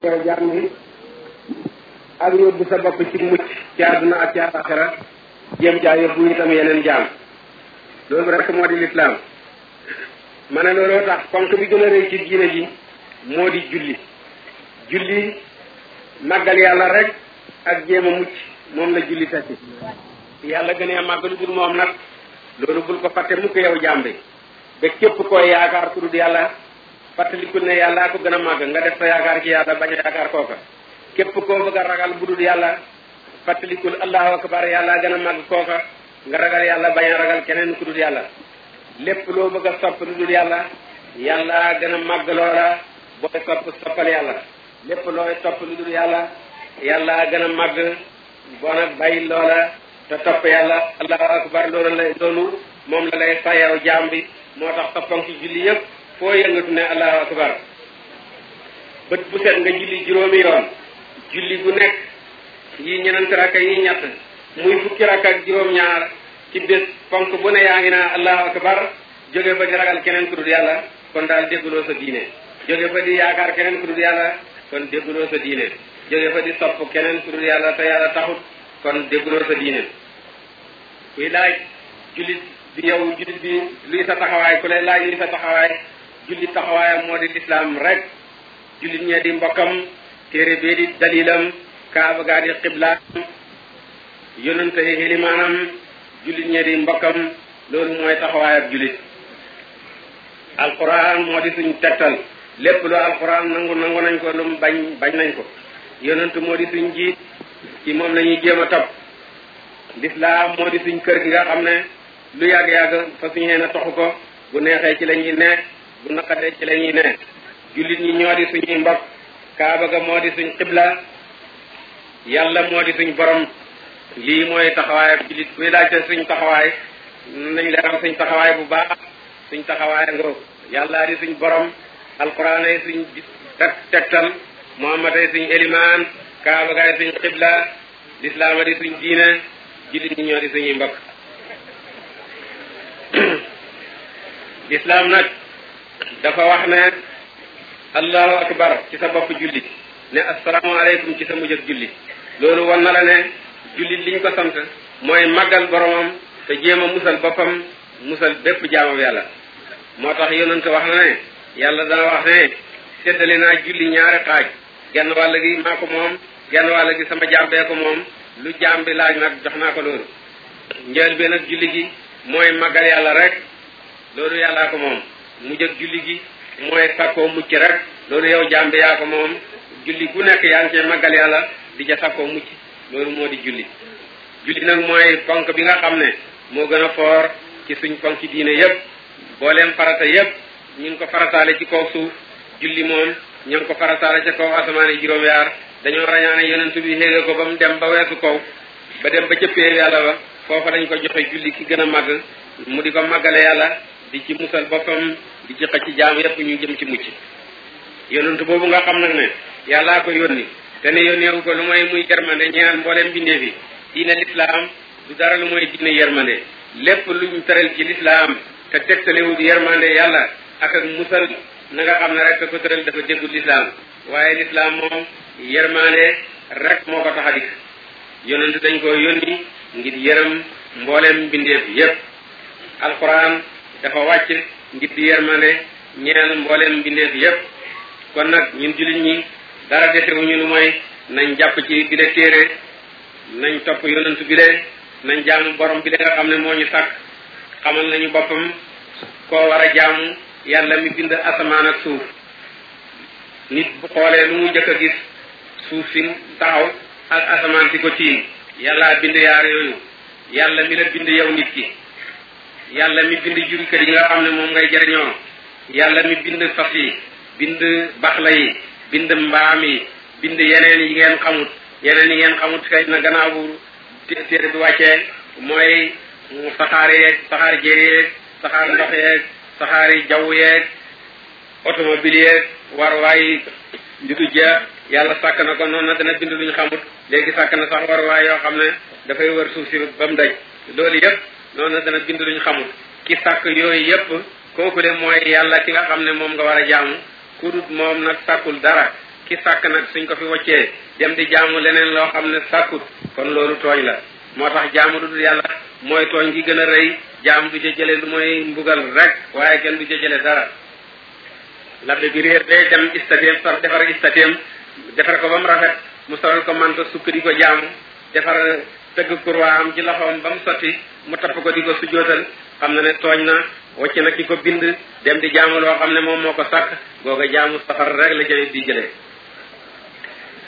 koy jàngi ak yóbbu sa bopp ci mucc ci àdduna ak ci jéem caa yóbbu itam yeneen jaam loolu rek moo di lislaam ma ne looloo tax ponk bi gën a rëy ci diine ji moo di julli julli màggal yàlla rek ak jéem a mucc moom la julli tekki yàlla gën a màggalu moom nag loolu bul ko fàtte mukk yow jàmbi ba képp koy yaakaar ku yàlla fàttalikul ne yàllaa ko gën a màgg nga def sa yaakaar ci yàlla bañ a yaakaar kooka képp koo bëgg a ragal bu dul yàlla fàttalikul allahu akbar yàllaa gën a màgg kooka nga ragal yàlla bañ a ragal keneen ku dul yàlla lépp loo bëgg a sopp lu dul yàlla yàllaa gën a màgg loola booy sopp soppal yàlla lépp looy topp lu dul yàlla yàllaa gën a màgg boo nag bàyyi loola te topp yàlla allahu akbar loolu lay moom la lay fayew jaam bi moo tax toppam ci julli foo yëngatu ne allahu akbar bët bu set nga julli juróomi yoon julli gu nekk yi ñenent rakka yi ñett muy fukki rakka ak juróom-ñaar ci bés ponk bu ne yaa ngi naa allahu akbar jóge fa di ragal keneen ku dul yàlla kon daal dégguloo sa diine jóge fa di yaakaar keneen ku dul yàlla kon dégguloo sa diine jóge fa di sopp keneen ku yàlla te yàlla taxut kon dégguloo sa diine kuy laaj jullit bi yow jullit bi luy sa taxawaay ku lay laaj luy sa taxawaay jullit taxawaayam moo di lislaam rek jullit ñee di mbokkam téere bee di dalilam kaaba gaa di xiblaam yonente yi jullit ñee di mbokkam loolu mooy taxawaayam jullit alquran moo di suñ tegtal lépp lu alquran nangu nangu nañ ko lu mu bañ bañ nañ ko yonent moo di suñ jiit ci moom lañuy ñuy a topp lislaam moo di suñ kër gi nga xam ne lu yàgg-yàgg fa suñu xeen a toxu ko bu neexee ci la ñuy ne bu naqadee ci la ñuy ne jullit ñi ñoo di suñuy mbokk kaaba ga moo di suñ xibla yàlla moo di suñ borom lii mooy taxawaay jullit kuy laajte suñ taxawaay nañ leeram suñ taxawaay bu baax suñ taxawaay nga yàlla di suñ borom alquran ay teg tegtal muhammad ay suñ élimaan kaaba gaay suñ xibla lislaama di suñ diine jullit ñi ñoo di suñuy mbokk lislaam nag dafa wax ne allahu akbar ci sa bopp jullit ne asalaamaaleykum ci sa mujj ak jullit loolu wan na la ne jullit liñ ko sant mooy màggal boromam te jéem a musal boppam musal bépp jaamam yàlla moo tax yonent wax na ne yàlla dana wax ne séddale naa julli ñaari xaaj genn wàll gi maa ko moom genn wàll gi sama jàmbee ko moom lu jaam bi laaj nag jox naa ko loolu njël bi nag julli gi mooy màggal yàlla rek loolu yàllaa ko moom mu ak julli gi mooy sàkkoo mucc rek loolu yow jaam bi yaa ko moom julli gu nekk yaa ngi cee màggal yàlla di ca sàkkoo mucc loolu moo di julli julli nag mooy ponk bi nga xam ne moo gën a foor ci suñ ponk diine yépp booleem farata yépp ñu ngi ko farataale ci kaw suuf julli moom ñu ko farataale ca kaw asamaane juróom-yaar dañoo rañaane yonent bi xéega ko ba mu dem ba weesu kaw ba dem ba ca péer yàlla ba foofa dañ ko joxe julli ki gën a màgg mu di ko màggale yàlla di ci musal boppam di ci xëcc jaam yépp ñu jëm ci mucc yonent boobu nga xam na ne yàllaa ko yónni te ne yónneewu ko lu mooy muy yermande ñeel mbooleem bindee fi diine lislaam du dara lu mooy diine yermande lépp lu ñu tëral ci lislaam te tegtalewu di yermande yàlla ak ak musal na nga xam ne rek ka ko tëral dafa déggu lislaam waaye lislaam moom yermande rek moo ko tax a dikk yonent dañ ko yónni ngir yërëm mbooleem bindeef yépp alquran dafa wàcc ngir di yermande ñeel mbooleem mbindeef yépp kon nag ñun jullit ñi dara desewuñu lu mooy nañ jàpp ci bi de téere nañ topp yonent bi nañ jaamu boroom bi de nga xam ne moo ñu sàkk xamal nañu boppam koo war a jaamu yàlla mi bind asamaan ak suuf nit bu xoolee lu mu jëkk a gis suuf si taxaw ak asamaan si ko tiim yàllaa bind yaar yooyu yàlla mi la bind yow nit ki yàlla mi bind jurkat yi nga xam ne moom ngay jariñoo yàlla mi bind fas yi bind baxla yi bind mbaam yi bind yeneen yi ngeen xamut yeneen yi ngeen xamut xëy na gannaaw bu téere bi wàccee mooy saxaar yeeg saxaar jéeri yeeg saxaar ndox yeeg saxaari jaww yeeg automobile yeeg warwaay njidu ja yàlla sàkk na ko noonu na dana bind luñ xamut léegi sàkk na sax warwaay yoo xam ne dafay wër suuf si ba mu daj loolu yépp loolu nag dana bind luñ xamul ki sàkk yooyu yépp kooku de mooy yàlla ki nga xam ne moom nga war a jàmm ku dut moom nag sàkkul dara ki sàkk nag suñ ko fi woccee dem di jàmm leneen loo xam ne sàkkut kon loolu tooñ la moo tax jaamu du yàlla mooy tooñ gi gën a rëy jaamu du ca jële lu mooy mbugal rek waaye kenn du ca jële dara la bi réer day dem istatéem sax defar istatéem defar ko ba mu rafet mu solal ko manta sukk di ko jaamu defar dëgg kurwaam ci loxoom ba mu sotti mu tapp ko di ko sujootal xam na ne tooñ na wacc na ki ko bind dem di jaamu xam ne moom moo ko sàkk googa jaamu safar rek la jële di jële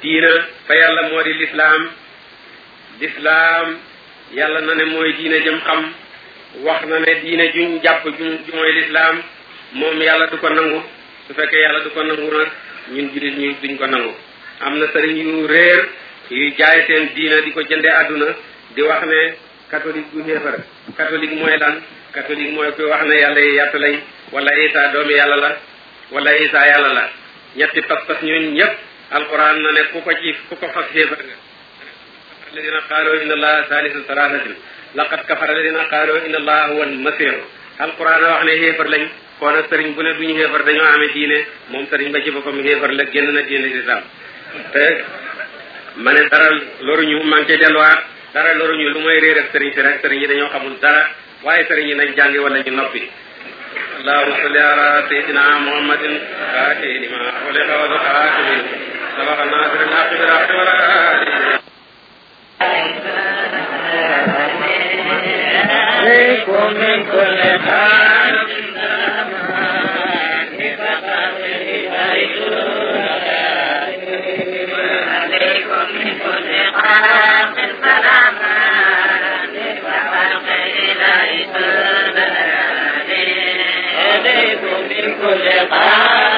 diina fa yàlla moo di lislaam lislaam yàlla na ne mooy diina jëm xam wax na ne diina juñ jàpp ju mooy lislaam moom yàlla du ko nangu su fekkee yàlla du ko nangu nag ñun jullit ñu duñ ko nangu am na sëriñ yu réer yuy jaay seen diina di ko jëndee àdduna di wax ne catholique bu xéefar catholique mooy lan catholique mooy kuy wax ne yàlla yi yàtt lañ wala isa doomi yàlla la wala isa yàlla la ñetti pas-pas ñooñu ñëpp alquran na ne ku ko ci ku ko fas xéefar nga alladina qaalu inna allaha salisu salasatin laqad kafara alladina qaalu inna allaha huwa almasihu alquran a wax ne xéefar lañ koona sëriñ bu ne duñu xéefar dañoo amee diine moom sëriñ ba ci boppam xéefar la génn na ma ne dara loruñu maa ngi koy delluwaat dara loruñu lu mooy réer ak sëriñ si rek sëriñ yi dañoo dara waaye sëriñ yi nañ jàngi wala ñu noppi allahumma salli ala sayyidina muhammadin faatihi lima ughliqa wal khaatimi sabaqa naasiril haqqi bil haqqi wa alihi min kulli hal كل قرار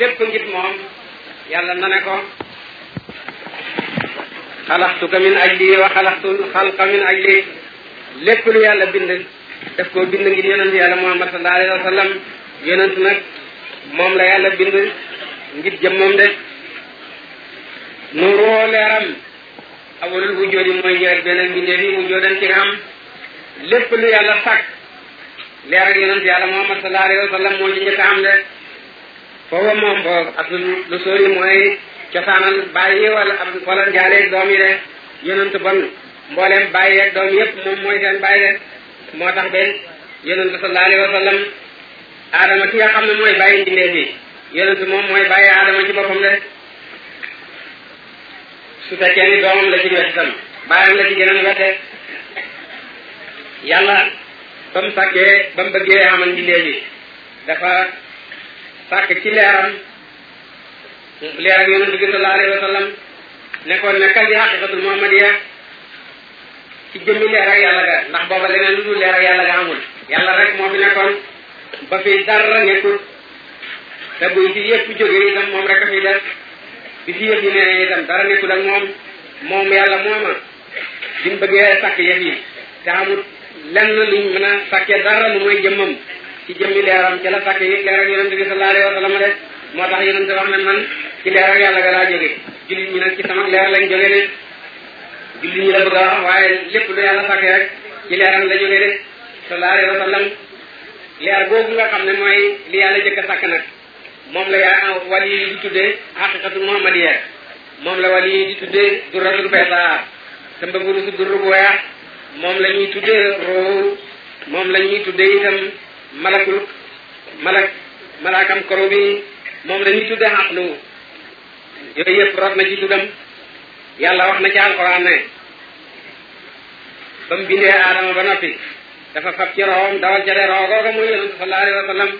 lépp ngir moom yàlla na ne ko xalaxtuka min ajli wa xalaxtul xalqa min ajli lépp lu yàlla bind daf koo bind ngir yonent yàlla muhammad sallallahu alayhi wa sallam yonent nag moom la yàlla bind ngir jëmmam de nuuroo leeram awalul wujjoodi mooy njëriñ beneen mbindeef yi wujjoodan ci am lépp lu yàlla sàkk leer yonent yàlla muhammad sallallahu alayhi wa sallam moo ci njëkk am de foofa moom foofu ak lu sori mooy cosaanal bàyyi yi wala ab wala njaaleeg doom yi de yonent bon mboolem bàyyi yeeg doom yëpp moom mooy seen bàyyi de moo tax ba yonent sallallahu alayhi wa sallam aadama ki nga xam ne mooy bàyyi mbindeef yi moom mooy bàyyi aadama ci boppam de su fekkee ni la ci wet itam bàyyam la ci geneen wette yàlla ba mu sàkkee ba mu bëggee amal mbindeef yi dafa sàkk ci leeram leer ak yonent bi sallallahu alayhi wa sallam nekkoon nekkal di xaqiqatul muhammadiya jëmmi leer ak ga ndax booba leneen lu dul leer ak yàlla ga amul yàlla rek moo fi nekkoon ba fi dara nekkul te buy fi yëpp jógee itam moom rek a fi des bi fi yëpp yi nee itam dara nekkul ak moom moom yàlla mooma bi mu bëggee sàkk yëf yi te amul lenn luñ mën a sàkkee dara lu mooy jëmmam ci jëmmi leeram ca la sàkk yi leeram yonente bi sallallahu alayhi wa sallam de moo tax yonente wax ci leeram yàlla ga laa jóge jullit ñi nag ci sama leer lañ jóge de jullit ñi la bëgg a wax waaye lépp lu yàlla sàkkee rek ci leeram la jóge de sallallahu alayhi wa sallam leer boobu nga ne mooy li yàlla jëkk a sàkk nag moom la yaa wali yi di tuddee haqiqatul muhammadiya moom la wali yi di tuddee durratul baydaa te mbëggu su durru bu weex moom la ñuy tuddee roowu moom la ñuy tuddee itam malakul malak malakam koro bi moom la ñuy tudde aqlu yooyu yëpp rot na ji tuddam yàlla wax na ci alquran ne ba mu bindee aadama ba noppi dafa fab ci roxom dawal ca de roxo googa muy yonent sallallahu alayhi wa sallam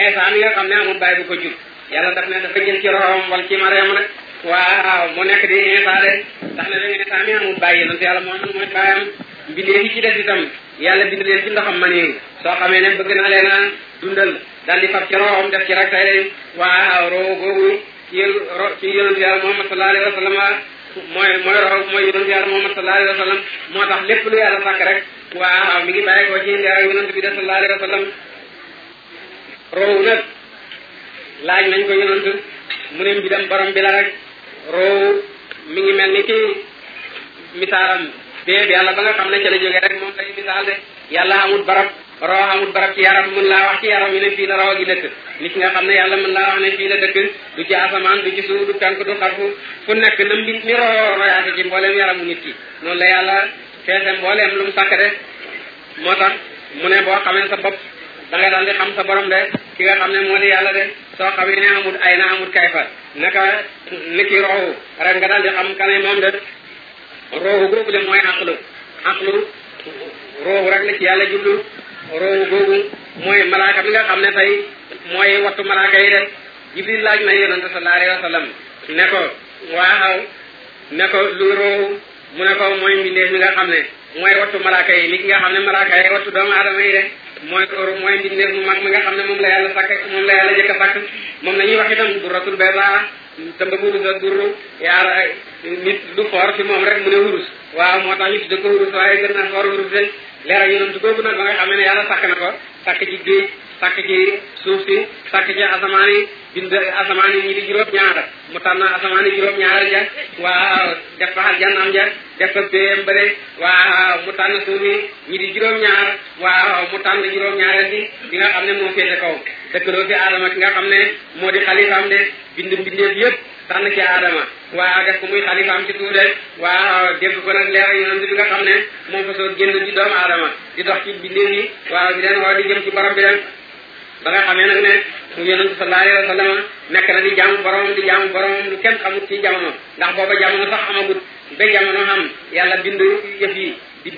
eesa mi nga xam ne amul bàyyi bu ko jur yàlla daf ne dafa jël ci roxom wal ci mareem rek waaw mu nekk di eesa de ndax ne da eesa mi amul bàyyi yonent yàlla moo mooy bàyyam mbindee fi ci des itam yàlla bind leen ci ndoxam ma nii soo xamee bëgg na leen a dundal daal di ci roxam def ci rek tay leen waa roo googu ci yéen ro ci yonent yàlla Muhammad sallallahu alayhi wa sallam ah, mooy mooy rox mooy yonent yàlla Muhammad sallallahu alayhi wa moo tax lépp lu yàlla sàkk rek waaw mi ngi bàyyi ko ci leer yonent bi de sallallahu alayhi wa sallam laaj nañ ko yonent mu ne mbidam borom bi la rek roowu mi ngi mel ni ki misaaram déet yàlla ba a xam ne ca la jógee rek moom lay misaal de yàlla amul barab raw amul barab ci yaram mën laa wax ci yaram yi ne fii la raw gi dëkk ki nga xam ne yàlla mën laa wax ne fii la dëkk du asamaan du ci suuf du tànk du xarfu fu nekk na mbit mi royoo royaate ci mbooleem yaramu nit ki noonu la yàlla feese mbooleem lu mu sàkk de moo tax mu ne boo xamee sa bopp da nga daal di xam sa borom de ki nga xam ne moo di yàlla de soo xamee ne amul ay na amul kayfa naka niki roxu rek nga daal di roowu googu de mooy aqlu aqlu roowu rek la ci yàlla jublu roowu googu mooy malaaka mi nga xam ne tey mooy wattu malaaka yi de jibril laaj na yonente sallallahu alayhi wa sallam ne ko waaw ne ko lu roowu mu ne ko mooy mbindeef mi nga xam ne mooy wattu malaaka yi ni ki nga xam ne malaaka yi wattu doomu aadama yi de mooy kooru mooy mbindeef mu mag mi nga xam ne moom la yàlla sàkk moom la yàlla jëkk a sàkk moom la ñuy wax itam duratul baydaa tëmba gurus ak durru yaara nit lu foor fi moom rek mu ne wurus waaw moo tax ñu tudde ko wurus waaye gën na foor wurus de leeral yonent googu nag ba nga xam ne yàlla sàkk na ko sàkk ci géej sàkk ci suuf si sàkk ci asamaan yi bind asamaan yi ñu di juróom-ñaar mu tànn asamaan yi juróom-ñaar ja waaw def fa aljannaam ja def fa mu tànn suuf yi ñu di juróom-ñaar waa mu tànn juróom-ñaareel bi di nga xam ne moo féete kaw dëkkaloo fi aadama ki nga xam ne moo di xalifaam de bind mbindeef yëpp tànn ci aadama waaw def ko muy xalifaam ci suuf de waaw dégg ko nag leer yonent bi nga xam ne moom fa soo génn di doomu aadama di dox ci mbindeef yi waaw di leen woo di jëm ci borom bi dem ba nga xamee nag ne yonent sallallahu alayhi wa sallam nekk na di jaamu boromam di jaamu boromam lu kenn xamut ci jamono ndax booba jamono sax amagut ba jamono am yàlla bind yëf di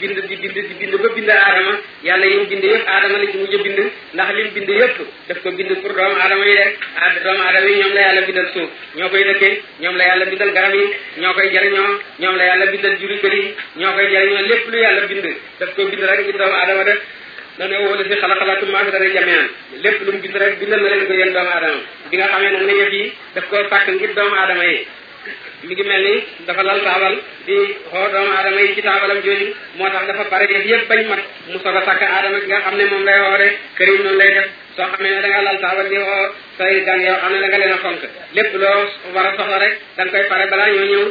bind di bind di bind ba bind aadama yàlla yi mu bind yëpp aadama la ci mujj bind ndax li mu bind yëpp daf ko bind pour doomu aadama yi rek ah doomu aadama yi ñoom la yàlla bindal suuf ñoo koy dëkkee ñoom la yàlla bindal garab yi ñoo koy jariñoo ñoom la yàlla bindal juri kër yi ñoo koy jariñoo lépp lu yàlla bind daf ko bind rek ci doomu aadama dane wala fi xalaxalakum maa fi dara jamian lépp lu mu gis rek bindal na leen ko yéen doomu aadama bi nga xamee nag ne yëf yi daf koo pàkk ngir doomu aadama yi mi ngi mel ni dafa lal taabal di xool doomu aadama yi ci taabalam jooju moo tax dafa pare def yëpp bañ mat mu soog a sàkk aadama gi nga xam ne moom lay xoore këriñ noonu lay def soo xamee ne da ngaa lal taabal woo say gan yoo xam ne da nga leen a fonk lépp loo war rek da nga koy pare balaa ñoo ñëw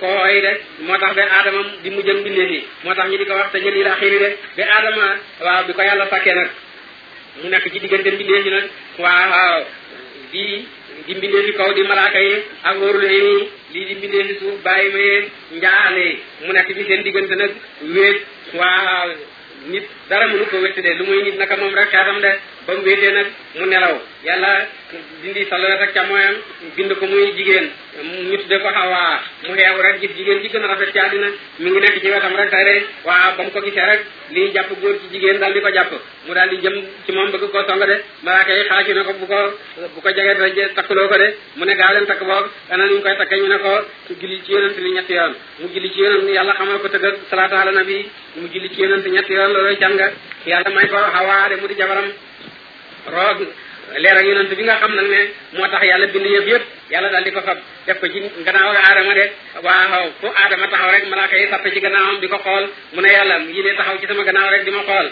ko ooy de moo tax ba aadama di mujj ak mbindeef yi moo tax ñu di ko wax te jël yi la xiri de ba aadama waaw bi ko yàlla sàkkee nag mu nekk ci diggante mbindeef yi nag waaw di di mbindeefi kaw di malaaka yi ak wóorule yi lii di mbindeefi suuf bàyyi mayee njaale mu nekk ci seen diggante nag wéet waaw nit dara mënu ko wéttide lu muy nit naka moom rek ba mu wéetee nag mu nelaw yàlla dindi salowet ak càmmooyam bind ko muy jigéen ñu tudde ko Hawa mu xeew rek gis jigéen ji gën a rafet ci àddina mi ngi nekk ci wetam rek tey rek waaw ba mu ko gisee rek li jàpp góor ci jigéen daal di ko jàpp mu daal di jëm ci moom bëgg koo song de malaaka yi xaaci ko bu ko bu ko jege daj takkuloo ko de mu ne gaaw leen takk boog ana nu ñu koy takke ñu ne ko julli ci yonent bi ñetti yoon mu julli ci yonent yàlla xamal ko tëgg salaatu ala nabi mu julli ci ñetti yoon looloy can nga yàlla may ko Hawa de roog leer ak yonent bi nga xam nag ne moo tax yàlla bind yëf yëpp yàlla daal di ko fab def ko ci gannaaw ak aadama de waaw fu aadama taxaw rek malaaka yi sappe ci gannaawam di ko xool mu ne yàlla yi ne taxaw ci sama gannaaw rek di ma xool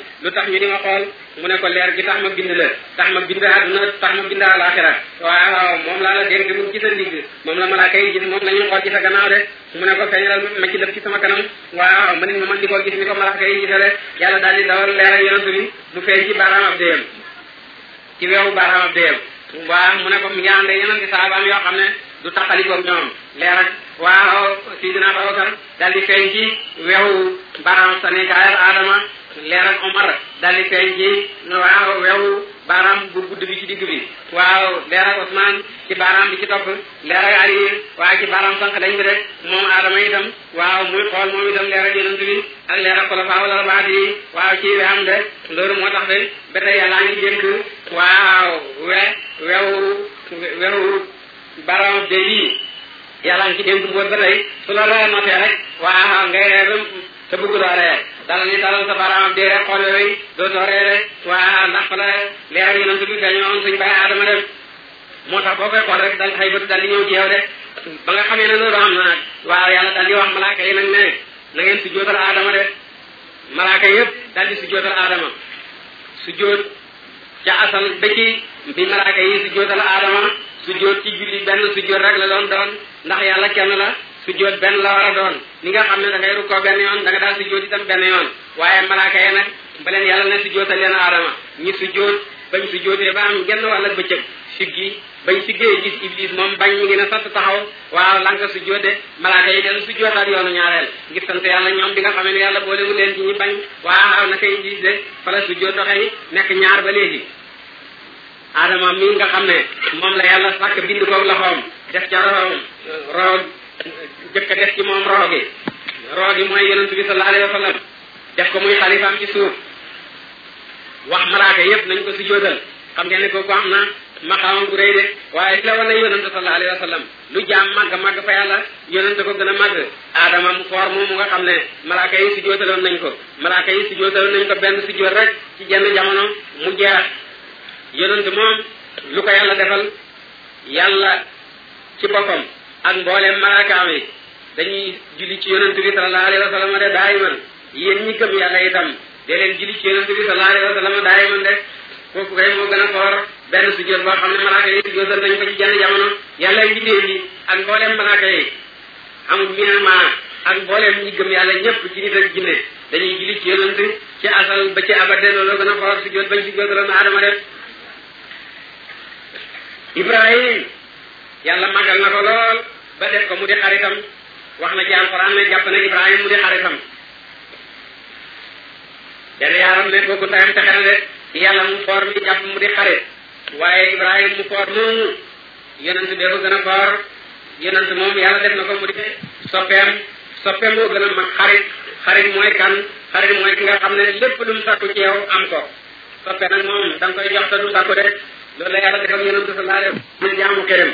lu ko leer gi tax ma bind la tax ma bind àdduna tax ma bind alaxira waaw la dénk mu ci sa ndigg moom la malaaka yi gis moom la ñuy xool de mu ne ko feeñalal ma ci def ci sama kanam waaw ma nit ma mën di daal di dawal leer ak yonent bi mu ci weeru baaraam ab deem waaw mu ne ko mi ngi ànd yeneen ci saabaam yoo xam ne du taqalikoom ñoom leer ak waaw sidina Abubakar daal di feeñ ci weeru baaraam sani kaayal Adama leer ak Omar daal di feeñ ci waaw weeru baaraam bu gudd bi ci digg bi waaw leeral Ousmane ci baaraam bi ci topp leeral Ali waaye ci baaraam sànq lañ bi rek moom Adama itam waaw muy xool moom itam leeral yonent bi ak leeral xulafaa wala rabaat yi waaw ci weexam de loolu moo tax de ba tey yàlla ngi dénk waaw we wewu wewu baaraam de yii yàlla ngi ci dénk boobu ba tey su la ree notee rek te bëgg doo ree dalal ni dalal sa baaraamam dee waa ndax fa la leeral yi nantu bi dañoo am suñ moo tax boo koy xool rek dal xay bët dal di ñëw ci de ba nga xamee ne na nag waaw yàlla dal di wax malaaka yi nag ne na ngeen su jootal aadama de malaaka yëpp dal di su jootal aadama su joot ca asal ba ci bi malaaka yi su jootal aadama su joot ci julli benn su joot rek la doon doon ndax yàlla kenn la sujjóot benn la war a doon ni nga xam ne da ngay rukkoo benn yoon da nga daal sujjóot itam benn yoon waaye malaaka yi nag ba leen yàlla ne sujjóotal leen aadama ñi sujjóot bañ sujjóotee ba am genn wàll ak bëccëg siggi bañ siggee gis iblis moom bañ mu ngi ne sat taxaw waaw lan nga sujjóot de malaaka yi dellu sujjóotaat yoonu ñaareel ngir sant yàlla ñoom bi nga xam ne yàlla boolewu leen ci ñi bañ waaw naka iblis de fala sujjóot doxee nekk ñaar ba léegi aadama mi nga xam ne moom la yàlla sàkk bind ko loxoom def ca room jëkk a def ci moom roho gi roho gi mooy yonent bi sallallahu alayhi wa def ko muy xalifaam ci suuf wax malaaka yëpp nañ ko si jóodal xam ngeen ne kooku am na maqaamam bu rëy de waaye la wane yonent sallallahu alayhi wa sallam lu jaam màgg màgg fa yàlla yonent ko gën a màgg aadama mu foor moomu nga xam ne malaaka yi si nañ ko malaaka yi si jóodaloon nañ ko benn si jóod rek ci jenn jamono mu jeex yonent moom lu ko yàlla defal yàlla ci boppam ak mboolem malaakaam yi dañuy julli ci yonent bi sallallahu alayhi wa sallam de daayiman yéen ñi gëm yàlla itam de leen julli ci yonent bi sallallahu alayhi wa sallam daayiman de kooku kay moo gën a foor benn sujjóot boo xam ne malaaka yi sujjóotal nañu ko ci jenn jamono yàlla yi bindee yi ak mboolem malaaka yi amul miin maa ak mboolem ñi gëm yàlla ñëpp ci nit ak jinne dañuy julli ci yonent ci asal ba ci abade loolu gën a foor sujjóot bañ sujjóotaloon Aadama def na ko lool ba def ko mu di xaritam wax na ci alxuraan ne jàpp na mu di xaritam dana yaaram ne kooku ndayam texe na yàlla mu foor mi jàpp mu di xarit waaye Ibrahima mu foor moomu yonent bee ko gën a foor yonent moom yàlla def na ko mu di soppeem soppeem boo gën a mag xarit xarit mooy kan xarit mooy ki nga xam ne lépp lu mu sàkku ci yow am ko soppe nag moom da nga sa jox te du sàkku de loolu la yàlla defal yonent sallallahu alayhi wa sallam jaamu këram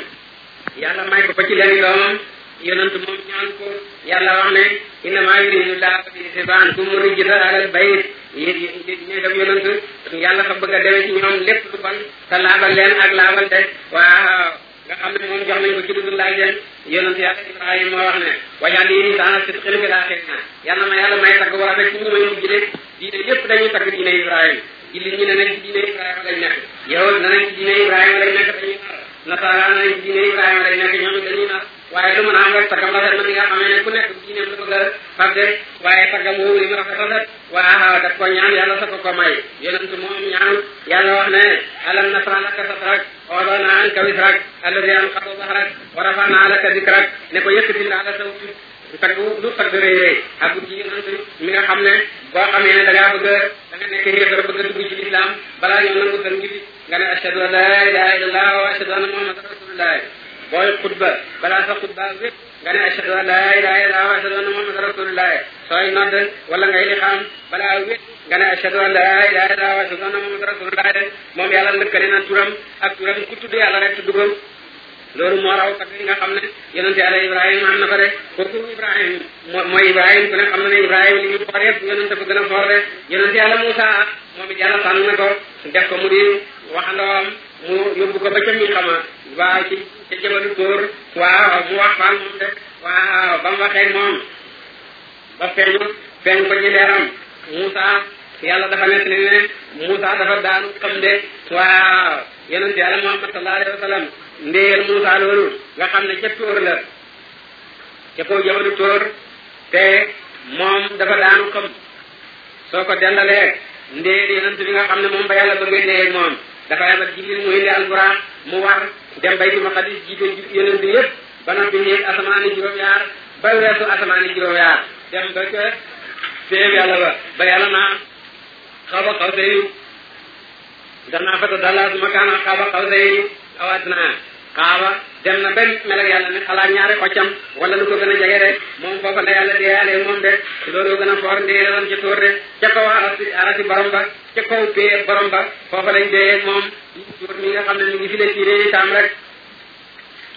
yalla may ko ko ci leen doomam yonent moom ñaan ko yàlla wax ne innama yuridu llahu bi yuthibaankum rijsa alal bayt yéen ñeegam yonent yàlla fa bëgg a demee ci ñoom lépp lu bon te laabal leen ak laabal de waaw nga xam ne moom jox nañ ko ci dudul laaj leen yonent yàlla Ibrahima moo wax ne wa lii lisaana sidqin fil aaxirina yàlla ma yàlla may tagg wala rek ci ñu may mujj de diine yépp dañuy tagg diine Ibrahima jullit ñi ne nañ ci diine Ibrahima lañ nekk yow ne ci diine nasaaraan ne diine Ibrahima day nekk ñoom it dañuy nax waaye lu mën a am rek taggam rafet na ni nga xamee ne ku nekk diineem la bëgg a fàtte waaye taggam woowu li mu rafet rafet waa daf ko ñaan yàlla sa ko ko may yonent moom ñaan yàlla wax ne alam nasrah laka sadrak wa wada'na anka wizrak alladi anqada zahrak wa rafa'na laka dikrak ne ko yëkkatil naa la sa tagg lu tagg rëy rëy ak ci yonent mi nga xam ne boo xamee ne da ngaa bëgg da nga nekk yéefar bëgg a dugg ci lislaam balaa ñoo nangu sa ngir nga ne ashadu an laa ilaha illallah wa ashadu anna muhammadan rasulullah booy xutba balaa sa xutba wépp nga ne ashadu an laa ilaha illallah wa ashadu anna muhammadan rasulullah sooy nodd wala ngay lixaam balaa wépp nga ne ashadu an laa ilaha turam loolu moo raw kat li nga xam ne yonente yàlla ibrahima am na ko de kooku ibrahim mooy ibrahim ku ne xam na ne ibrahim li ñu xoor yëpp yonente ko gën a xoor de yonente yàlla Musa moom it yàlla sànn na ko def ko mu di waxandoom mu yóbbu ko ba ca mi xama waa ci ca jabalu góor waaw mu wax faal moom de waaw ba mu waxee moom ba feeñu feeñ ko ci leeram Musa yàlla dafa nekk ne ne Musa dafa daanu xam de waaw yonent yàlla Muhammad sallallahu alayhi wa sallam ndéyal loolu nga xam ne ca tóor la ca kaw jabalu tóor te moom dafa daanu xam soo ko dendalee ndéyal yonent bi nga xam ne moom ba yàlla bëgg ndéyal moom dafa yabal Jibril mu indi alquran mu war dem Baytul Maqdis jiite yonent yëpp ba noppi ñeent asamaani juróom-yaar ba weesu asamaani juróom-yaar dem ba ca ba xaw ba xaw jannaafata dalaasuma kaana xaaba xaw sayni aw adnaa xaaba dem na ba mel ak yàlla ne xalaat ñaari xoccam wala lu ko gën a jege de moom foofa la yàlla deeyaale moom de loolu gën a foor ndeelam ci tóor de ca kaw arasi arasi borom ba ca kaw pee ba foofa lañ deeyee moom tóor mi nga xam ne mi ngi fi leen ci réew itam rek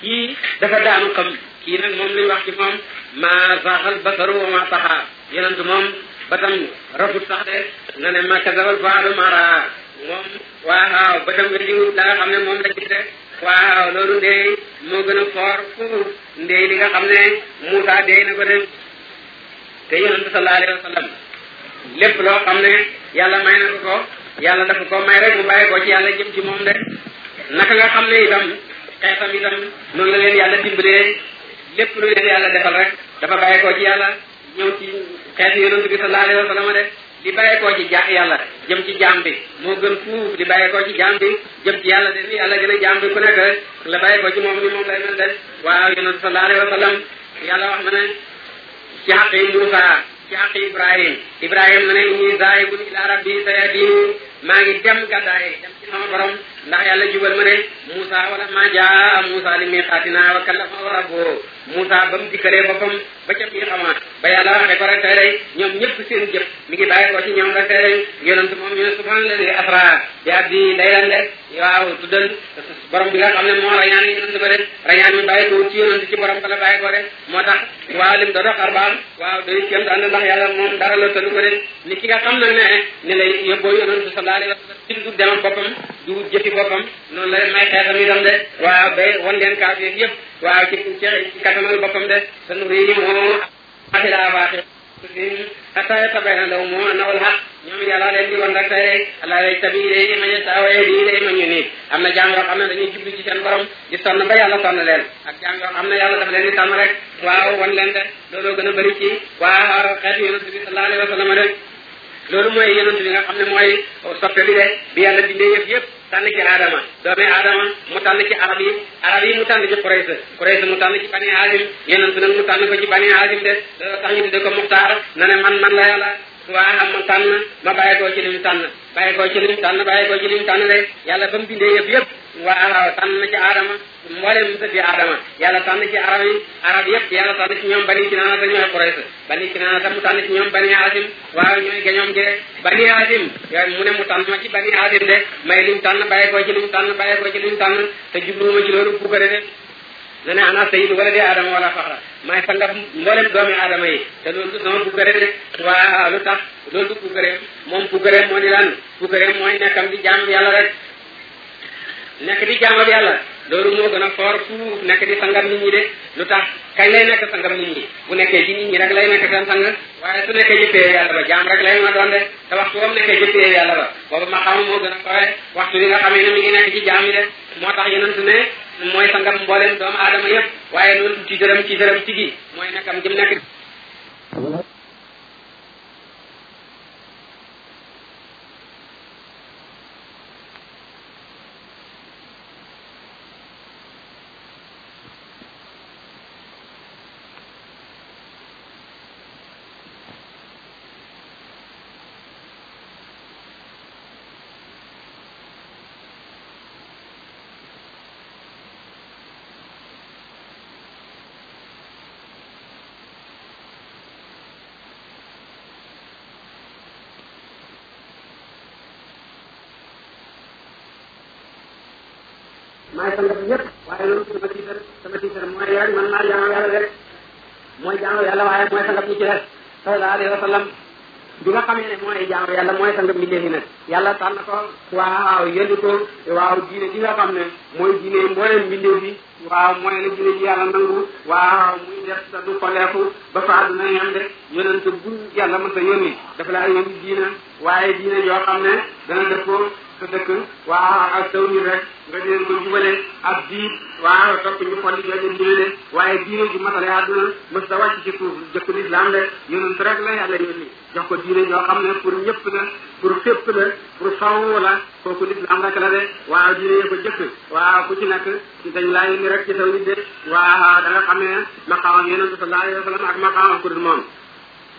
kii dafa daanu xam kii nag moom luñ wax ci moom ma zaaxal basaru wa ma saxaa yenentu moom ba tam rafut sax de nga ne ma kasabal faadu ma raa moom waaw ba ji nga diwut la nga ne moom la gis waaw loolu ndey moo gën a foor fuuf ndey li nga xam ne Moussa dee na ko de te yonente sallallahu alayhi wa sallam lépp loo xam ne yàlla may na ko ko yàlla dafa ko may mu bàyyi ko ci yàlla jëm ci moom de naka nga xam ne itam xeetam itam noonu la leen yàlla dimbalee lépp lu leen yàlla defal rek dafa bàyyi ko ci yàlla ñëw ci xeet yonente bi sallallahu alayhi wa sallam li bàyyeekoo ci ja yàlla jëm ci jaam moo gën fuuf li bàyyeekoo ci jaam bi jëm ci yàlla de ni yàlla gën a jaam bi ku nekk rek la bàyyeekoo ci moom ni moom lay mel de waaw na sallallahu alayhi wa yala yàlla wax na ne ci xaqi Muusa ci xaqi Ibrahim Ibrahim na ne inni zaahibun ila rabbi sayadini maa ngi dem gàddaay dem ci sama borom ndax yàlla jubal ma ne Moussa wala ma jaa Moussa li miqaatina wa kallama rabbuhu Moussa ba mu dikkalee boppam ba ca biir xamaat ba yàlla waxee ko rek tey rek ñoom ñëpp seen jëf mi ngi bàyyi ko ci ñoom rek tey rek yonent moom ñu ne subhaanalladi asra bi abdi laylan de waaw tuddal borom bi nga xam ne moo rañaan yonent ba de rañaan mi bàyyi ko ci yonent ci borom kala bàyyi ko de moo tax waaw lim dodo xarbaam waaw doy kéem daan ndax yàlla moom dara la tëlu ki nga xam nag ne ne lay yóbboo boppam noonu la leen may xeetam itam de waaw bay wan leen kaaf yeeg yëpp waaw ci ci katamal boppam de sa nu réew moom atilaa waaxi hatta yatabayna lahum annahu al-haq ñoom yàlla leen di won rek tey allah lay tabi ilayhi man yashaa wa yahdi ilayhi man yunib am na jaam yoo xam ne dañuy jublu ci seen borom di sonn ba yàlla sonn leen ak jaam yoo xam ne yàlla daf leen di tànn rek waaw wan leen de looloo gën a bëri ci waa xeetu yonent bi sallallahu alayhi wa sallam rek loolu mooy yonent bi nga xam ne mooy soppe bi de bi yàlla bindee yëf yëpp tànn ci aadama doomi aadama mu tànn ci arab yi arab yi mu tànn ci Quraysh Quraysh tànn ci bani Haasim yonent nag mu tànn ko ci bani Haasim de loolu tax ñu tudde ko Muxtaar na ne man man la yàlla waaw am tànn ma bàyyi koo ci li mu tànn bàyyi koo ci li mu tànn bàyyi koo ci li yëpp wa araw tànn na ci aadama mboolem mu tëddi aadama yàlla tànn ci arab yi arab yëpp yàlla tànn ci ñoom bani kinaana te ñooy Quraysh bani kinaana te mu tànn ci ñoom bani asim waaw ñooy gañoom gi bani asim yooyu mu ne mu tànn ma ci bani asim de may luñ tànn bàyyi ko ci luñ tànn bàyyi ko ci luñ tànn te jubluwuma ci loolu puukare de ne ne ana sayid wala de aadama wala faxra maay sangaf mboolem doomi aadama yi te loolu du sama puukare de waa lu tax loolu du puukare moom puukare moo di lan puukare mooy nekkam di jaam yàlla rek nekk di jaamal yàlla loolu moo gën a foor fuuf nekk di sangam nit ñi de lu tax kañ lay nekk sangam nit ñi bu nekkee ci nit ñi rek lay nekk seen sang waaye su nekkee jëppee yàlla ba jaam rek lay ma doon de te waxtu wam nekkee jëppee yàlla ba boobu ma xam moo gën a foore waxtu bi nga xamee ne mi ngi nekk ci jaam yi de moo tax yonent ne mooy sangam mboolem doomu aadama yëpp waaye loolu ci dërëm ci dërëm ci gi mooy nekkam jëm nekk yaay sang bi ñëpp waaye loolu sama tiitar sama tiitar mooy yaay man maa jaamu yàlla mooy jaamu yàlla waaye mooy sang bi ñu ci des sallallahu alayhi wa sallam bi nga xamee ne mooy jaamu yàlla mooy sang mbindeef yi nag yàlla tànn ko waaw yëndu ko waaw diine di nga xam ne mooy diine mbooleem mbindeef yi waaw mooy la diine ji yàlla nangu waaw muy def sa du ko leefu ba fa àdduna yam de yonente bu yàlla mën sa yónni dafa laa yónni diine waaye diine yoo xam ne dana def ko sa dëkk waaw ak saw nga di leen ko jubalee ak diir waaw topp ñu xolli jooju ndiile waaye diine ju matale àdduna mës ta wàcc ci suuf jëkku lislaam de yonent rek la yàlla yónni jox ko diine yoo xam na pour ñëpp la pour fépp la pour faw la kooku lislaam rek la de waaw diine yee ko jëkk waaw ku ci nekk dañ laa yónni rek ci saw nit de waaw da nga xam ne maqaamam yonent sallallahu alayhi wa sallam ak maqaamam ku dul moom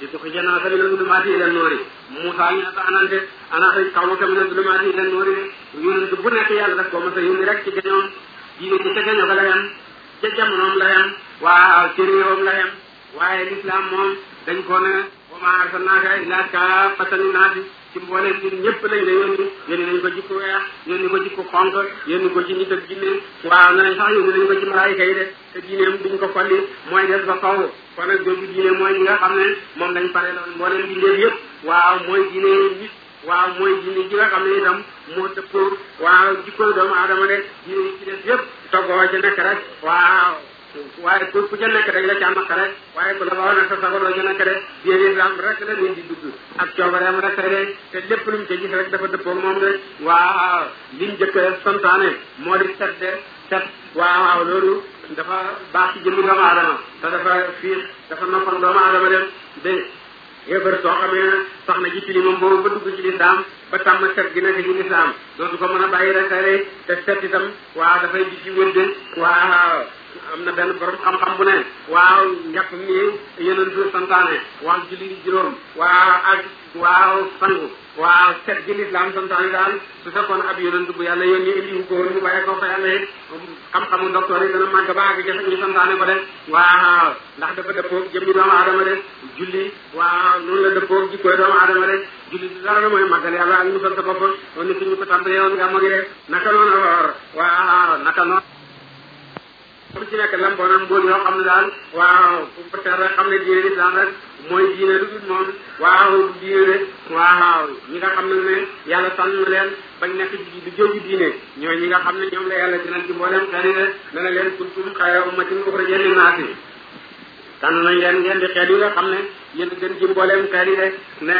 يدخل جناة من الظلمات إلى النور موسى ñaata anante anante kawluka min الظلمات إلى النور yonent bu nekk yàlla daf ko mos a yónni rek ci gañoom diine ci ca gaño ga la yam ca jamonoom la yam waaw ci réewam la yam waaye l'islam moom dañ ko ne wa ma arsalnaaka illaa kaafatan linnaasi ci mboolem nit ñëpp lañ la yónni yónni nañ ko jikko weex yónni ko jikko xonq yónni ko ci nit ak jinne waaw na nañ sax yónni nañ ko ci malaayika yi de te diineem duñ ko folli mooy des ba faw kon nag jooju diine mooy ñi ga xam moom lañ pare loon mboolem bindéef yëpp waaw mooy diine nit waaw mooy diine ji nga xam ne itam moo dëppoo waaw jikko doomu aadama de diine yi ci des yëpp toggoo ci nekk rek waaw waaye ku ku ca nekk la ca naqare waaye ku la bawoon ak sa sago doo ca naqare diine islam di dugg ak coobareem rek rek te lépp lu mu ca gis rek dafa dëppoog moom rek waaw li mu jëkk moo di set de set waaw loolu dafa baax ci jëmmi doomu aadama te dafa fiir dafa noppal doomu aadama dem de yéefar soo xamee ne sax na ji ci li moom boobu ba dugg ci lislaam ba tàmm set gi nekk ci lislaam dootu ko mën a bàyyi rek rek te set itam waaw dafay ji ci wëdde waaw am na benn borom xam-xam bu ne waaw njàpp mi yonent bi santaane waaw julli juróom waaw ak waaw sangu waaw set gi lislaam santaane daal su fekkoon ab yonent bu yàlla yónni indi ko waa mu bàyyi ko fa yàlla it xam-xamu docteur yi dana màgg ba àgg jafe ñu santaane ko de waaw ndax dafa dëppoog jëmmi doomu aadama de julli waaw noonu la dëppoog jikkooy doomu aadama de julli di dara mooy màggal yàlla ak musal sa bopp ni ki ñu ko tàmbalee woon nga mo gi de naka noonu woor waaw naka noonu bu ci nekk lamboonam mbool yoo xam ne daal waaw bu fekkee rek xam ne diine lislaam rek mooy diine lu dul moom waaw du diine rek waaw ñi nga xam ne ne yàlla sànn leen bañ nekk ji du jëw ji diine ñoo ñi nga xam ne ñoom la yàlla dina ci mboolem xeet yi rek ne na leen kuntum xayra ummatin uxrijat linnaasi tànn nañ leen ngeen di xeet yi nga xam ne yéen a gën ci mbooleem xeet yi rek ne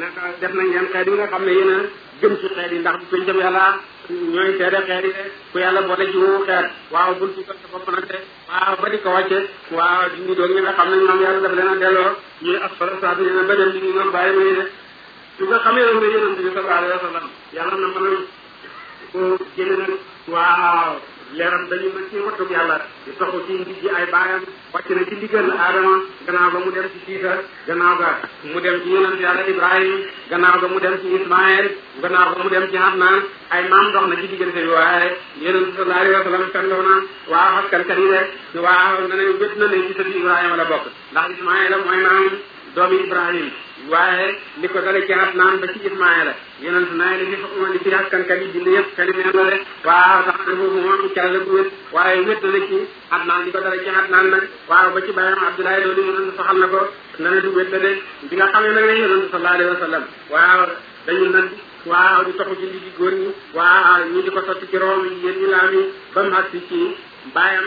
naka def nañ leen xeet yi nga xam ne yéen a gëm ci xeet yi ndax bu ko jëm yàlla ñooy seede xeer yi de ku yàlla boole ci woowu xeer waaw bul dugal sa bopp nag de waaw ba di ko wàcce waaw dindi doog ñi nga xam na ñoom yàlla daf leen a delloo ñuy asfala saabi nee na ba dem ñu ñoom bàyyi may de su nga xamee ne yonent bi sallallahu alayhi wa sallam yàlla na mën a ko jëlee nag waaw leeram dañu mën ci wattub yàlla di toxu ci ndijji ay baayam wàcc na ci ndigal Adama gannaaw mu dem ci Siisa gannaaw ga mu dem ci yonent yàlla Ibrahim gannaaw ga mu dem ci Ismaël gannaaw ga mu dem ci Adnaan ay maam dox na ci diggante bi waaye yonent sallallahu alayhi wa sallam fenloo na waa askan kat yi de waa na ne wét na ne ci sëti Ibrahima la bok ndax Ismaël mooy maam doomi Ibrahim waaye li ko dale ci Adnaan ba ci Ismaayla yonent naa ne li fi askankat yi bind yëpp kalimeen la de waaw sax na foofu moom càll bu wét waaye wét na ci Adnaan li ko dale ci Adnaan nag waaw ba ci bàyyam Abdoulaye loolu yonent saxal na ko na du la de bi nga xamee nag ne yonent sallallahu alayhi wa sallam waaw dañu nan waaw di toxu ci li ci di ko sotti ci room yi yéen ñi laam yi ba mu agsi ci bàyyam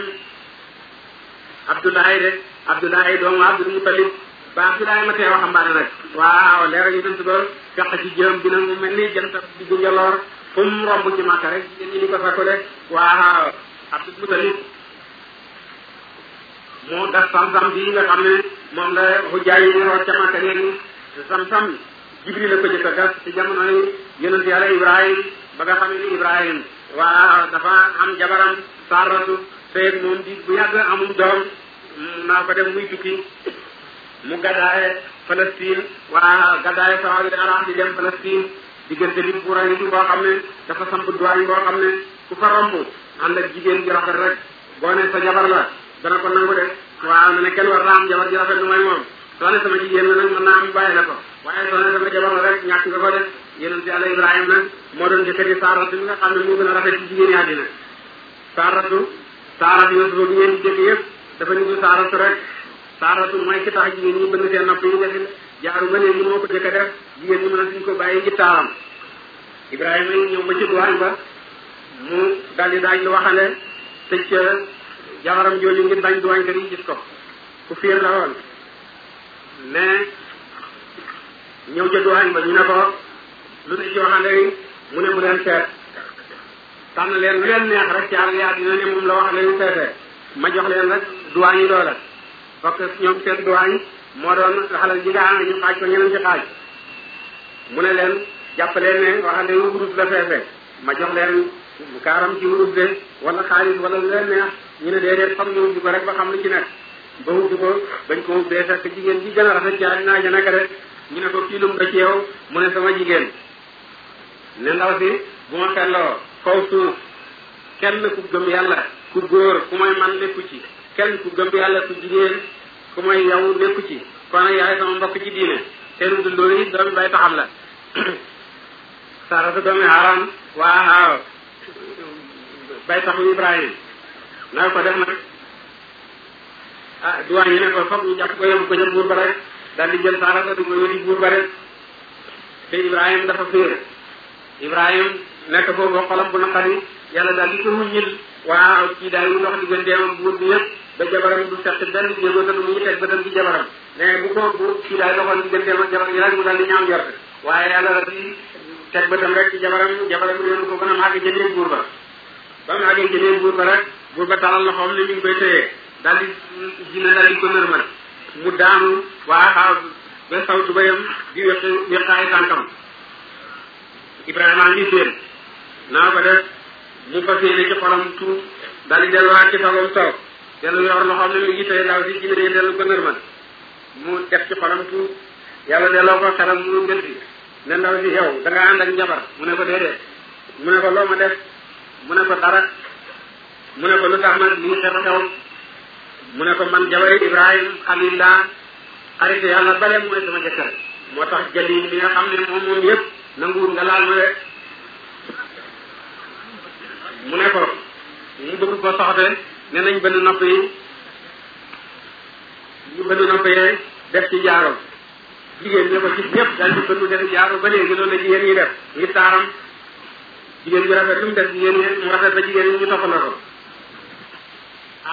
Abdoulaye de Abdoulaye doomu Abdul Mutalib baax si daay ma tee waxambaane nag waaw leera ñu dent ba feq ci jëm bi na mu mel ni jant di gunge loor fu mu romb ci màkka rek jigéen ñi di ko de waaw Abdul Mutalib moo def sam-sam bi nga xam ne moom la xujjaay yi ñu root ca màkka léegi sam-sam Jibril la ko jëkk a gas ci jamono yi yonent yàlla Ibrahim ba nga xam ne Ibrahim waaw dafa am jabaram Saratu feeg moom di bu yàgg amul doom naa ko dem muy tukki mu gaddaaye Palestine waa gaddaaye sawaawil arab di dem Palestine diggante di buura yi boo xam ne dafa samp duwaañ boo xam ne ku ko romb ànd ak jigéen ji rafet rek boo ne sa jabar la dana ko nangu de waaw na ne kenn war naa am jabar ji rafet moom soo ne sama jigéen la nag mën naa am bàyyi la ko waaye soo ne sama jabar la rek ñàkk nga ko de yonent yàlla Ibrahima nag moo doon jëkkati saaratu mi nga xam ne moo gën a rafet ci jigéen yi àddina saaratu saaratu yoosu boobu ngeen di jëkk yëpp dafa ñu saaratu rek saaratu mooy ki tax jigéen ñi bëgg seen nopp yi nga fi jaaru ko jëkk a def jigéen ko bàyyi ci taaram Ibrahima yi ñëw ba ci duwaañ ba mu daldi daaj lu waxale tëj ca jabaram jooju ngir bañ duwaañkat yi gis ko ku fiir la woon mais ñëw duwaañ ba ñu ne ko lu ne ci waxale mu ne mu leen seet tànn leen lu leen neex rek ci àll yaa dina ne moom la waxale yu seetee ma jox leen rek duwaañ yi doole parce que ñoom seen moo doon xalal ji nga am ñu xaaj ko ñeneen ci xaaj mu ne leen jàppaleen ne waxande wurus la feefe ma jox leen kaaram ci wurus de wala xaalis wala lu leen neex ñu ne déedéet fam ñu ubbi ko rek ba xam lu ci nekk ba ubbi ko bañ ko ubbee fekk jigéen ji gën a rafet jaar naa ja naka de ñu ne ko kii lum da ci yow mu ne sama jigéen ne ndaw si bu ma felloo kaw suuf kenn ku gëm yàlla ku góor ku may man nekku ci kenn ku gëm yàlla ku jigéen ku mooy yow nekku ci kon yaay sama mbokk ci diine seen dund yi doomi bay taxam la sarata doomi haram waaw bay taxu ibrahim naa ko def nag ah duwaañ yi ne ko foog ñu jàpp ko yóbbu ko ca buur ba rek daal di jël sarata di ko yóbbu buur ba rek te ibrahim dafa féer ibrahim nekk foofu xolam bu naqari yàlla daal di ko wuññil waaw kii daal yu ndox diggante am buur bi yëpp ba jabaram du fekk benn jéego te du mu teg bëtam ci jabaram mais bu ko bu kii daay doxoon di dem ak jabar yi rek mu daal di ñaaw njort waaye ko gën a màgg jëndee buur ba ba mu àggee jëndee buur ba rek buur ba talal loxoom ne ñu ngi koy téye di dina daal di ko nërmal mu daanu waa xaaw ba saw tubayam di wéq wéqaay tànkam Ibrahima a ngi séen naa ko def mu fas yéene ci xolam tuub daal di delluwaat ci sagom toog dellu yor loxoom ne mi ngi tey ndaw si Jibril dellu ko nërmal mu def ci xolam tuut yàlla delloo ko xelam mu gën fi ne ndaw si yow da nga ànd ak njabar mu ne ko déedéet mu ne ko loo ma def mu ne ko dara mu ne ko lu tax ne ko man jabari Ibrahim xalillah xarit yàlla bale mooy sama jëkkër moo tax jëli bi nga xam ne moom moom yëpp nanguwul nga laal ma de mu ne ko mu bëgg ko soxte ne nañ bënn nopp yi ñu bënn nopp yee def ci jaaro jigéen ñi ko gis ñëpp daal di bënn def jaaro ba léegi loolu la jigéen ñi def ngir taaram jigéen ju rafet lu mu def jigéen ñi mu rafet ba jigéen ñi ñu toppandoo ko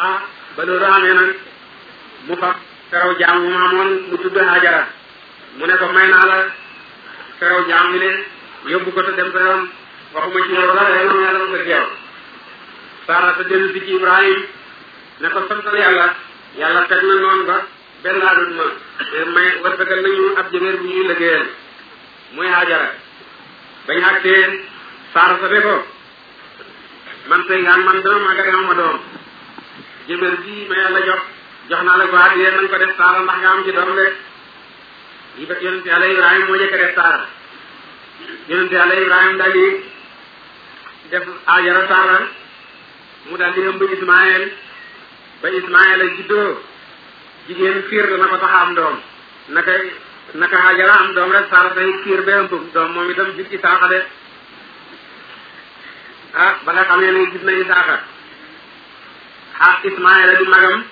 ah ba loolu amee nag mu fa feraw jaam mu amoon mu tudd Hajara mu ne ko may naa la feraw jaam mi ne yóbbu ko te dem ko yoon waxuma ci yow la yàlla ma yàlla ma ko jeew Saara sa dellu si ci Ibrahim ne ko santal yàlla yàlla teg na noonu ba benn adut ma may wërsëgal nañu ab jëmeer bu ñuy liggéeyal muy Hajara bañ àggtee Saara sa ne ko man tey man doom ak nga ma doom jëmeer bii ma yàlla jox jox naa la ko adiyee nañ ko def Saara ndax am ci doom rek yi ba yonente yàlla Ibrahim moo jëkk def Saara yonente yàlla Ibrahim daal def Hajara Saara mu daal di ëmb Ismaël ba Ismaël a juddoo jigéen fiir la na ko tax am doom naka naka Hajara am doom rek Saara day fiir ba ëmb doom moom itam jur Isaaxa de ah ba nga xamee ne gis na Isaaxa ah Ismaël a di magam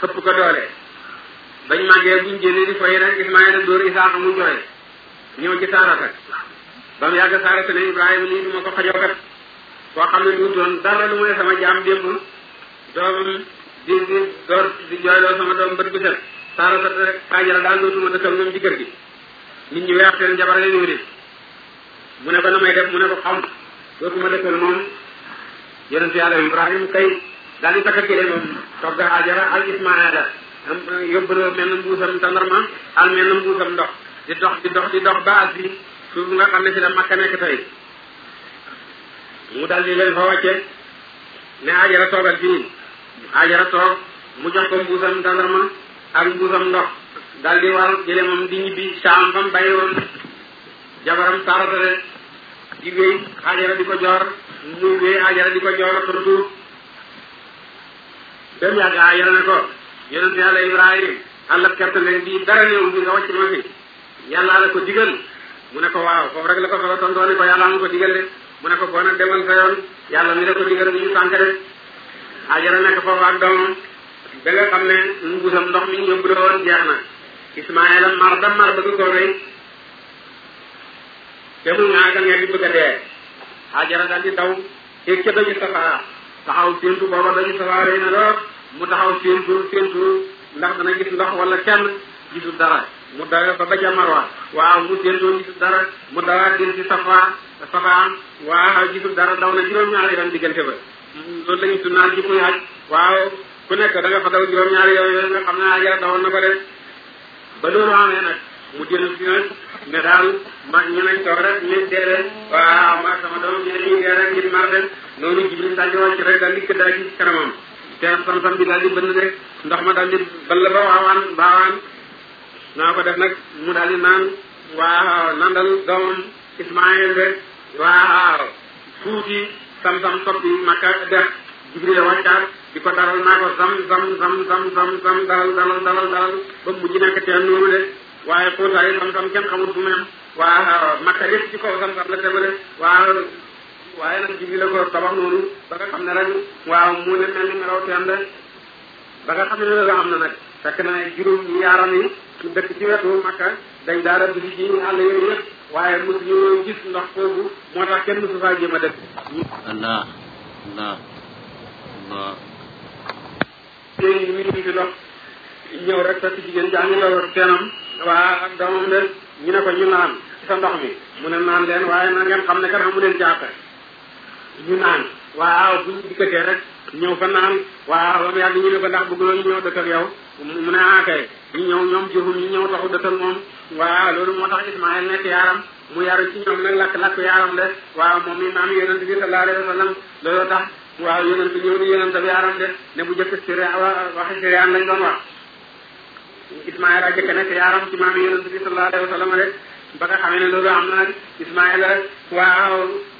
xëpp ko doole bañ màggee buñ génnee di foy rek Ismaël a dóor Isaaxa mu jooy ñëw ci Saara ba mu yàgg Saara ne Ibrahima nii du ma ko xajoo koo xam ne lu doon dara lu mooy sama jaam démb doomam di di door di jooyloo sama doom bët bu set saara sat rek xaajara daal dootuma dëkkal moom ci kër gi nit ñi weex seen mu ne na may def ko xam dootuma dëkkal ibrahim kay daal di takk kile moom togg xaajara al ismaila am yóbbuloo mel na mbuusam tandarma al mel na mbuusam ndox di dox di dox di dox ba ak bi suuf nga xam ne si la makka nekk tey mu daldi leen fa wàcce ne ajara toogal ci ñun ajara toog mu jox ko mbuusam tàndarma ak mbuusam ndox daldi war jëlemam di ñibbi saam fam bàyyi woon jabaram saaratare di wéy ajara di ko joor muy wéy ajara di ko joor surtout ba mu yàgg ajara ne ko yonente yàlla ibrahim àll kerte leen bii dara néew bi nga wàcc ma fi yàllaa la ko digal mu ne ko waaw foofu rek la ko fa tontooni ko yàllaa mu ko digal de mu ne ko koo nag demal sa yàlla mu la ko digal ñu sànq rek Hajara nekk foofu ak doomam ba nga xam ne mbuusam ndox mi ñu yóbbu la woon jeex na Ismaayila mar ba mar bëgg koo rey te mu ngaa ka ngeen di bëgg a dee Hajara daal di daw teg ca daju safara taxaw séentu booba daju safara rey na lool mu taxaw séentu séentu ndax dana ndox wala kenn gisul dara mu dawee ba ba ca Marwa waaw mu séentu safaan waaw gisub dara daw na juróom-ñaari yoon diggante ba loolu lañu tudd naan jikkoy aj waaw ku nekk da nga fa daw juróom-ñaari yoon yooyu nga xam ne aj la dawoon na ko de ba loolu amee nag mu dellu si nag ne daal ma ñu nañ toog rek nit dee de waaw ma sama doom ñe ñu dee rek ngir mar de noonu jibril daal di wàcc rek daal di këddaa ci kanamam te sam-sam bi daal di bënn de ndox ma daal di ball ba waawaan baawaan naa ko def nag mu daal di naan waaw nandal doomam Ismaayil de waar tuuti sam-sam sopp Makka def Jibril wàccaat di ko daral naa ko zam zam zam zam zam zam dalal dalal dalal dalal ba mujj nekk teen noonu de waaye xóotaayu sam-sam kenn xamul fu mu yem waa Makka yëpp ci kaw sam-sam la tebale waa waaye na Jibril la ko tabax noonu ba nga xam ne rek mu ne mel ni melaw teen de ba nga xam ne loolu am na nag fekk na juróom yaaram yi dëkk ci wetu Makka dañ daara bi ci waaye mosu ñoo gis ndox foofu moo tax kenn mosu faa jéem a dëkk. allah allah allah. léegi ñu ngi fi rek fekk jigéen jaa ngi doon teenam waa ñu ne ko ñu naan ci sa ndox mi mu ne naan leen waaye na ngeen xam ne kat xamu leen jàppe ñu naan waaw bu ñu dikkatee rek ñëw fa naan waaw ba mu yàgg ñu ne ko ndax bëgg loolu ñëw dëkk ak yow mu ne ah kay ñu ñëw ñoom jihum ñu ñëw taxu dëkk ak moom waaw loolu moo tax Ismaël nekk yaaram mu yaru ci ñoom nag lakk-lakk yaaram de waaw moom mi maam yonent bi sallallahu alayhi wa sallam looloo tax waaw yonent bi ñëw di yonent bi yaaram de ne bu jëkk siré waxi siréan lañ doon wax Ismaël a jëkk nekk yaaram ci maam yonent bi sallallahu alayhi wa sallam de ba nga xamee ne loolu am na Ismaël waaw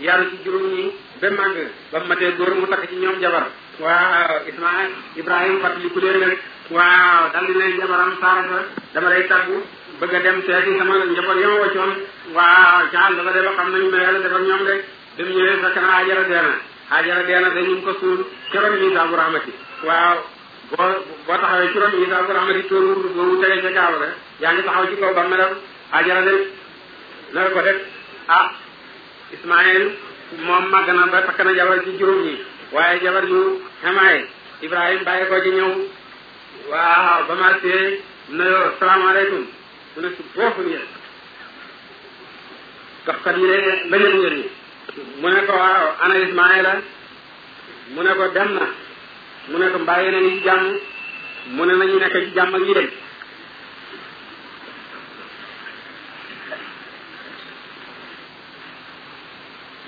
yaru ci juróom yi ba màng ba ma matee góor mu takk ci ñoom jabar waaw Ismaïl Ibrahima fàttali ku leen rek waaw dal di ne jabaram saarata dama lay tàggu bëgg a dem seeti sama njaboot yama waccoon waaw ca àll ba de ba xam nañu ma yàlla defal ñoom rek ba mu ñëwee fekk na Hajara deena Hajara deena de ñu ngi ko suul keroog Isa bu waa waaw boo boo taxawee ci ron Isa bu rahmati tóor wu boobu tegee ca kaaba ga yaa ngi taxaw ci kaw ba Hajara de na ko def ah Ismaïl moom màgg na ba takk na jabar ci juróom yi waaye jabar yu xamaay Ibrahima bàyyi ko ci ñëw waaw ba ma see nuyoo salaamaaleykum mu ne si foofu ngeen doxkat yi de la ngeen ngeen mu ne ko waaw ana Ismaayla mu ne ko dem mu ne ko mbaa yéen a ngi ci mu ne nañu nekk ci jàmm ak yi dem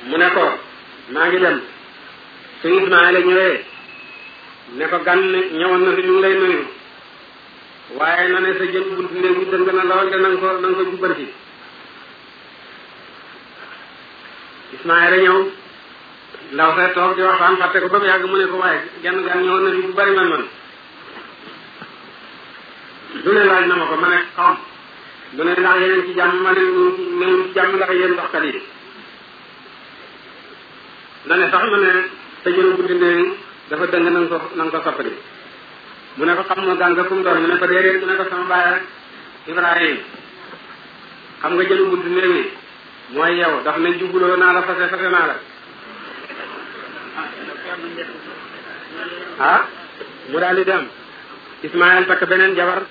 mu ne ko maa ngi dem su Ismaayla ñëwee ne ko gan ñëwoon na fi ñu ngi lay waaye na ne sa jëm buntu néeg bi dëng na lool te na nga ko na nga ko jubbanti Ismaayla ñëw ndaw sa toog di waxtaan fàtte ko ba mu yàgg mu ko waaye genn gan ñëwoon na fi bu bari man man lu ne laaj na ma ko ma ne xawm lu ne ndax yeneen ci ma ne ñu ci jàmm ndax yéen yi na ne sax mu ne sa jëlu bu dindee dafa dëng na nga ko na nga mu ne ko xam nga gànga fu mu doon mu ne ko déedéet mu ne ko sama baay Ibrahim xam nga jëlu bu dindee mi mooy yow daf ne jubuloo naa la fase fase naa la ah mu daal di dem Ismaël takk beneen jabar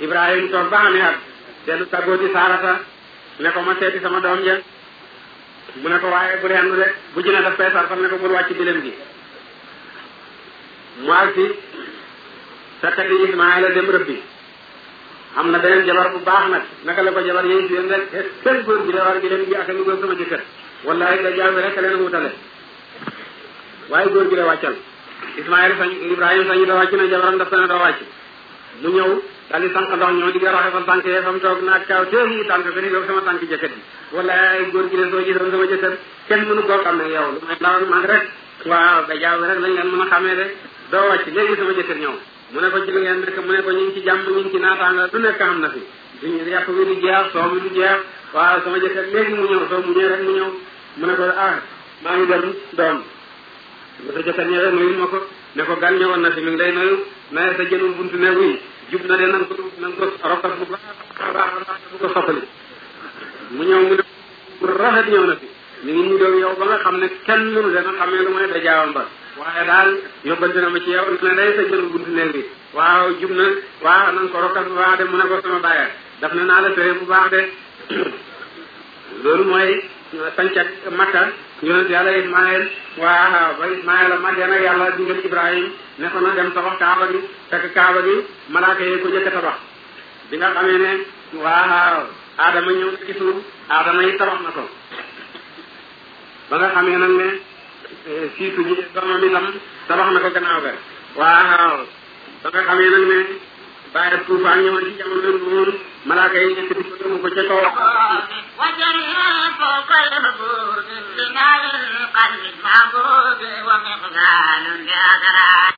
Ibrahim toog ba amee at dellu tàggoo ci ne ko ma seeti sama doom ja mu ne ko waaye bu reen de bu jina daf koy sarfal ne ko bul wàcc dilem gi mu agsi fekk di Ismaayla dem rëb bi am na beneen jabar bu baax nag naka la ko jabar yooyu seen rek seen góor gi la war gi leen gi ak a góor sama jëkkër wallahi da jaaw rek leen wutale waaye góor gi la wàccal Ismaayla sañ Ibrahima sañu da wàcc na jabaram daf ko ne doo wàcc mu ñëw daal di sànq ndox ñoo di nga raxe fa tànk yee fa mu toog naag kaaw téef yi tànk gën a yóbbu sama tànk jëkkër ji walaay góor gi ne soo gisoon sama jëkkër ma mënu koo xam ne yow lu may ndawoon man rek waaw ba jaaw rek lañ leen mën a xamee de doo wàcc léegi sama jëkkër ñëw mu ne ko ci li ngeen mu ne ko ñu ngi ci jàmm ñu ngi ci naataanga lu nekk xam na fi duñu yàpp bi du jeex soo bi du jeex waaw sama jëkkër léegi mu ñëw soo mu ñëw rek mu ñëw mu ne ko ah maa ngi dem doom ba sa jëkkër ñëwee ma ko ne ko gan ñëwoon na fi mi ngi lay nuyu nawet buntu neegu yi jub na de nan ko nan ko rafet bu baax a baax a baax bu ko soppali mu ñëw mu def rafet ñëw na fi mi ngi ñu doon yow ba nga xam ne kenn mënu dana xamee lu mooy dajaawam ba waaye daal yóbbante na ma ci yow ne day sa jël buntu néeg bi waaw jub na waaw nan ko rafet bu baax de mu ne ko sama bàyyi daf na naa la sëre bu baax de loolu mooy sancak makka yonent yàlla Ismaël waa ba Ismaël a màggee nag yàlla digal Ibrahim ne ko na dem tabax Kaaba gi fekk Kaaba gi malaaka yi ko jëkk tabax bi nga xamee ne waa Adama ñëw ci suuf Adama yi tabax na ko ba nga xamee nag ne eh, siitu ji doomam itam tabax na ko gannaaw ga waaw ba nga xamee nag ne bàyyi ak tuufaan ñëwoon ci jamono yu nguur malaaka yi yëkkati ko yóbbu ko ca kaw wajan